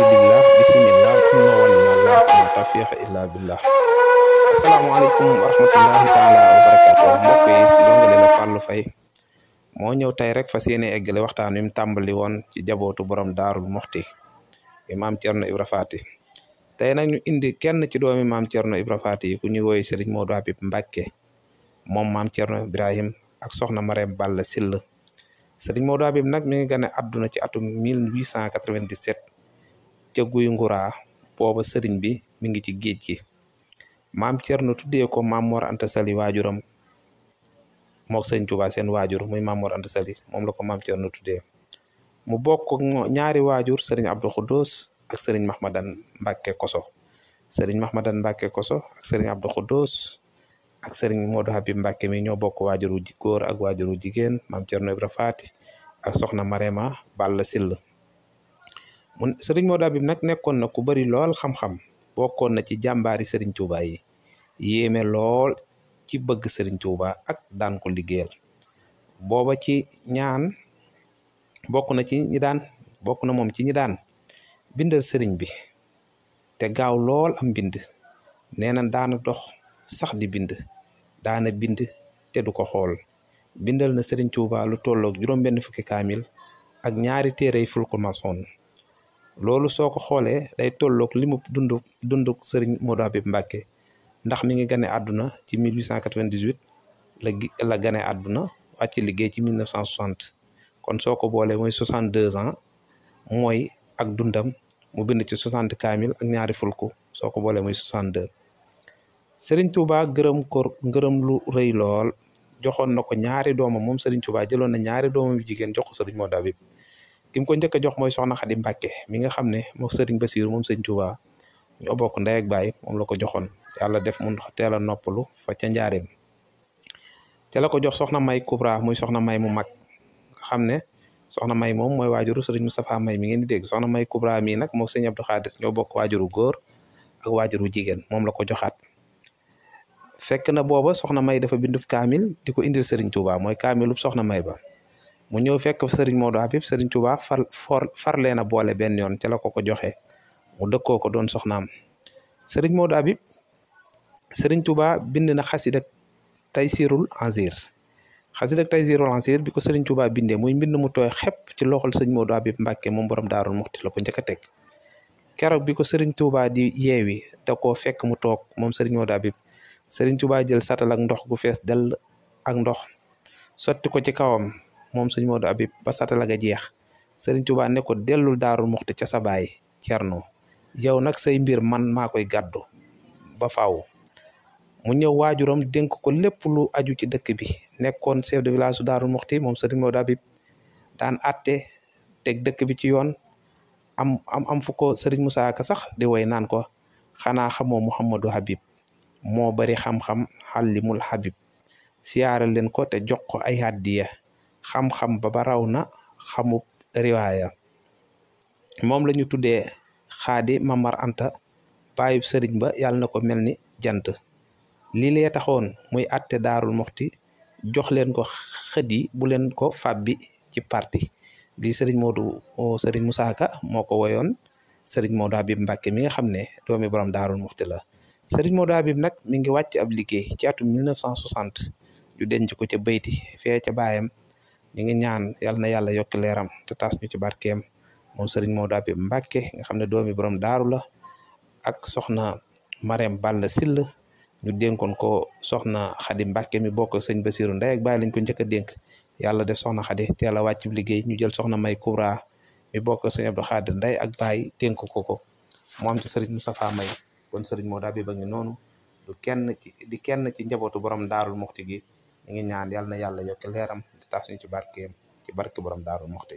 billah bisimillah inna walillah ma tawfiq illa billah asalaamaaleykum wa rahmatullahi taala wa barakatu mbokk yi donga leen a fàllu fay moo ñëw tey rek fas yéene eggale waxtaan wi mu tàmbali woon ci jabootu borom daarul moxti maam Cerno Ibra Faati tey nag ñu indi kenn ci doomi maam Cerno Ibra Faati yi ku ñuy woy Sëriñ Moodu Habib Mbàkke moom maam Cerno Ibrahim ak soxna Mareem Balla silla Sëriñ Moodu Habib nag mi ngi gane àdduna ci atum 1897 ca guy nguraa booba sëriñ bi mi ngi ci géej gi maam Cerno tuddee ko maam Anta Sali waajuram mook sëriñ Tuubaa seen waajur muy maam Mor Anta Sali moom la ko maam na tuddee mu bokk ñaari waajur sëriñ Abdou Khoudous ak sëriñ Mahmadan Mbacke Koso sëriñ Mahmadan Mbacke Koso ak sëriñ Abdou Khoudous ak sëriñ Modou Habib Mbacke mi ñoo bokk waajuru góor ak waajuru jigéen maam Cerno Ibra ak soxna Marema bala Sill mun sëriñ Modou Habib nag nekkoon na ku bari lool xam-xam bokkoon na ci jàmbaari sëriñ Touba yi yéeme lool ci bëgg sëriñ Touba ak daan ko liggéeyal booba ci ñaan bokk na ci ñi daan bokk na moom ci ñi daan bindal sëriñ bi te gaaw lool am bind nee na daana dox sax di bind daana bind te du ko xool bindal na sëriñ Touba lu tolloog juróom-benn fukki kaamil ak ñaari téerey fulkul masoon loolu soo ko xoolee day tolloog li mu dundu dunduk sëriñ Modou Habib Mbacké ndax mi ngi gane àdduna ci 1898 la la gane àdduna wàcc liggéey ci 1960 kon soo ko boolee mooy 62 ans mooy ak dundam mu bind ci 60 kaamil ak ñaari fulku soo ko boolee mooy 62 sëriñ Touba gërëm ko ngërëm lu rëy lool joxoon na ko ñaari doomam moom sëriñ Touba jëloon na ñaari doomam yu jigéen jox ko sëriñ Modou Habib kim ko njëkk a jox mooy soxna Xadi Mbàkke mi nga xam ne moom sëriñ Basiiru moom sëriñ Tuubaa ñoo bokk ndey ak baay moom la ko joxoon yàlla def mun teel a noppalu fa ca njaareem ca la ko jox soxna May Kubra muy soxna May mu mag nga xam ne soxna May moom mooy waajuru sëriñ Moustapha May mi ngeen di dégg soxna May Kubra mii nag moom sëriñ Abdou Khadir ñoo bokk waajuru góor ak waajuru jigéen moom la ko joxaat fekk na booba soxna May dafa bindu kaamil di ko indil sëriñ Tuubaa mooy kaamilub soxna May ba mu ñëw fekk sëriñ Modou Habib sëriñ Touba far for leen a boole benn yoon ca la ko ko joxe mu dëkkoo ko doon soxnaam sëriñ Modou Habib sëriñ Touba bind na xasida Taysirul Ansir xasida Taysirul Ansir bi ko sëriñ Touba bindee muy mbind mu tooy xepp ci loxol sëriñ Modou Habib Mbacke moom borom Daarul Muxti la ko njëkk a teg keroog bi ko sëriñ Touba di yeewi da koo fekk mu toog moom sëriñ Modou Habib sëriñ Touba jël satal ak ndox gu fees dell ak ndox sotti ko ci kawam. moom sëñ Modou Habib ba satala ga jeex sëriñ Tuubaa ne ko dellul daarul muxti ca sa baay Cerno yow nag sey mbir man maa koy gàddu ba faaw mu ñëw waajuram dénk ko lépp lu aju ci dëkk bi nekkoon chef de village su daarul muxti moom sëriñ Modou Habib daan atte teg dëkk bi ci yoon am am am fu sëriñ Moussa sax di woy naan ko xanaa xamoo Mouhamadou Habib moo bari xam-xam xallimul Habib siyaare leen ko te jox ko ay hàddiya xam-xam ba ba raw na xamub riwaaya moom la ñu tuddee xaadi mamar anta baayu sëriñ ba yàlla na ko mel ni jant lii lee taxoon muy atte daarul moxti jox leen ko xët yi bu leen ko fàbbi ci parti lii sëriñ moodu oh, sëriñ Moussa Ka moo ko woyoon sëriñ Modou Habib Mbacke mi nga xam ne doomi borom daarul moxti la sëriñ Modou Habib nag mi ngi wàcc ab liggéey ci atum 1960 ñu denc ko ca bayti fee ca baayam ñu ngi ñaan yal na yàlla yokk leeram te taas ñu ci barkeem moom sëriñ Modou Habib Mbacké nga xam ne doomi borom daaru la ak soxna Marème Balla Sill ñu dénkoon ko soxna Xadi Mbacké mi bokk sëñ Basiru ndey ak baay lañ ko njëkk a dénk yàlla def soxna Xadi teel a wàcc liggéey ñu jël soxna May Kubra mi bokk sëñ Abdou Xaadir ndey ak baay dénk ko ko mu am ci sëriñ Moustapha May kon sëriñ Modou Habib ba ngi noonu du kenn di kenn ci njabootu borom daarul muxti gi ñu ñaan yàlla na yàlla yokk leeram te tax suñu ci barkeem ci barke borom daaru muxti